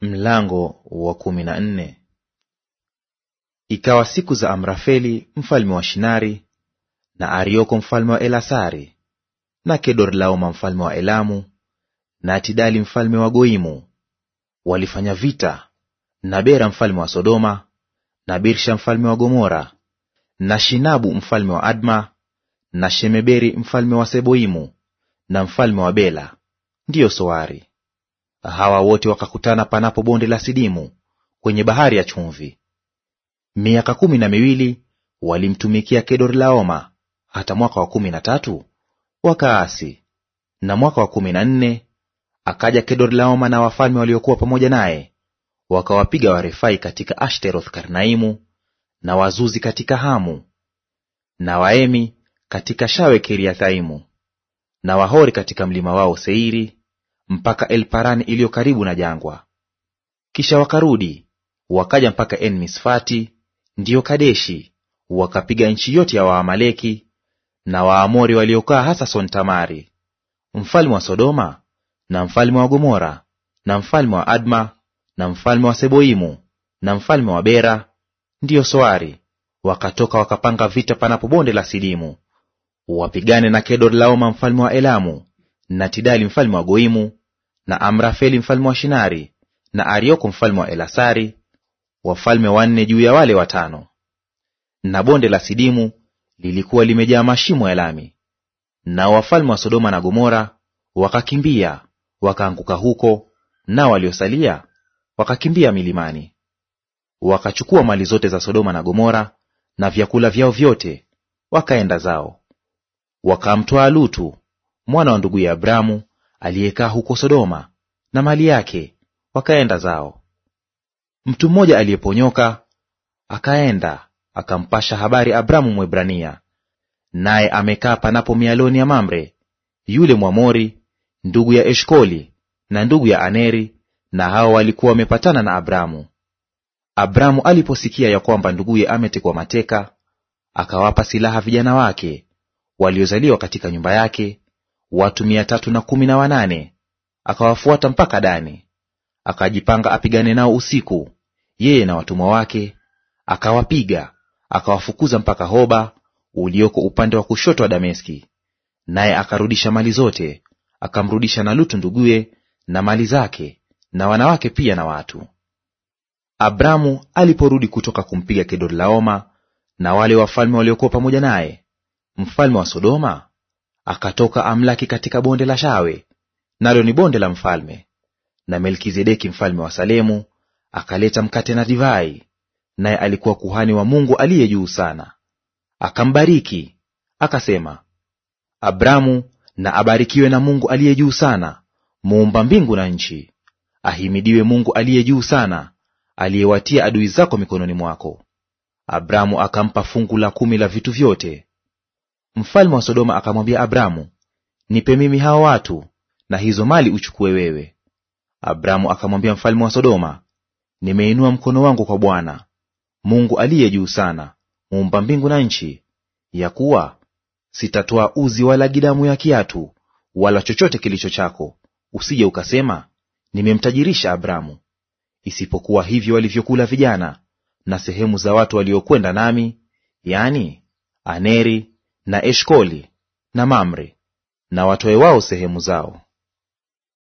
Mlango wa kumi na nne. Ikawa siku za Amrafeli mfalme wa Shinari na Arioko mfalme wa Elasari na Kedorlaoma mfalme wa Elamu na tidali mfalme wa Goimu walifanya vita na Bera mfalme wa Sodoma na Birsha mfalme wa Gomora na Shinabu mfalme wa Adma na Shemeberi mfalme wa Seboimu na mfalme wa Bela ndiyo Soari Hawa wote wakakutana panapo bonde la Sidimu kwenye bahari ya chumvi. Miaka kumi na miwili walimtumikia laoma hata mwaka wa kumi na tatu wakaasi. Na mwaka wa kumi na nne akaja Laoma na wafalme waliokuwa pamoja naye, wakawapiga Warefai katika ashteroth Karnaimu, na Wazuzi katika Hamu, na Waemi katika Shawe Kiriathaimu, na Wahori katika mlima wao Seiri, mpaka Elparani iliyo karibu na jangwa. Kisha wakarudi wakaja mpaka En-Misfati, ndiyo Kadeshi, wakapiga nchi yote ya Waamaleki na Waamori waliokaa hasa Son-Tamari. Mfalme wa Sodoma na mfalme wa Gomora na mfalme wa Adma na mfalme wa Seboimu na mfalme wa Bera, ndiyo Soari, wakatoka wakapanga vita panapo bonde la Sidimu, wapigane na Kedorlaoma mfalme wa Elamu na Tidali mfalme wa Goimu na Amrafeli mfalme wa Shinari na Arioko mfalme wa Elasari, wafalme wanne juu ya wale watano. Na bonde la Sidimu lilikuwa limejaa mashimo ya lami, na wafalme wa Sodoma na Gomora wakakimbia wakaanguka huko, nao waliosalia wakakimbia milimani. Wakachukua mali zote za Sodoma na Gomora na vyakula vyao vyote, wakaenda zao. Wakamtwaa Lutu mwana wa ndugu ya abrahamu aliyekaa huko Sodoma na mali yake, wakaenda zao. Mtu mmoja aliyeponyoka akaenda akampasha habari Abramu Mwebrania, naye amekaa panapo mialoni ya Mamre yule Mwamori, ndugu ya Eshkoli na ndugu ya Aneri, na hao walikuwa wamepatana na Abramu. Abramu aliposikia ya kwamba nduguye ametekwa mateka, akawapa silaha vijana wake waliozaliwa katika nyumba yake watu mia tatu na kumi na wanane akawafuata mpaka Dani. Akajipanga apigane nao usiku, yeye na watumwa wake, akawapiga akawafukuza mpaka Hoba ulioko upande wa kushoto wa Dameski. Naye akarudisha mali zote, akamrudisha na Lutu nduguye na mali zake na wanawake pia na watu. Abramu aliporudi kutoka kumpiga Kedorlaoma na wale wafalme waliokuwa pamoja naye, mfalme wa Sodoma akatoka amlaki katika bonde la Shawe, nalo ni bonde la mfalme. Na Melkizedeki mfalme wa Salemu akaleta mkate na divai, naye alikuwa kuhani wa Mungu aliye juu sana. Akambariki akasema, Abramu na abarikiwe na Mungu aliye juu sana, muumba mbingu na nchi. Ahimidiwe Mungu aliye juu sana, aliyewatia adui zako mikononi mwako. Abramu akampa fungu la kumi la vitu vyote Mfalme wa Sodoma akamwambia Abramu, nipe mimi hao watu na hizo mali uchukue wewe. Abramu akamwambia mfalme wa Sodoma, nimeinua mkono wangu kwa Bwana Mungu aliye juu sana, muumba mbingu na nchi, ya kuwa sitatoa uzi wala gidamu ya kiatu wala chochote kilicho chako, usije ukasema nimemtajirisha Abramu, isipokuwa hivyo walivyokula vijana na sehemu za watu waliokwenda nami, yani Aneri na Eshkoli na Mamre, na watoe wao sehemu zao.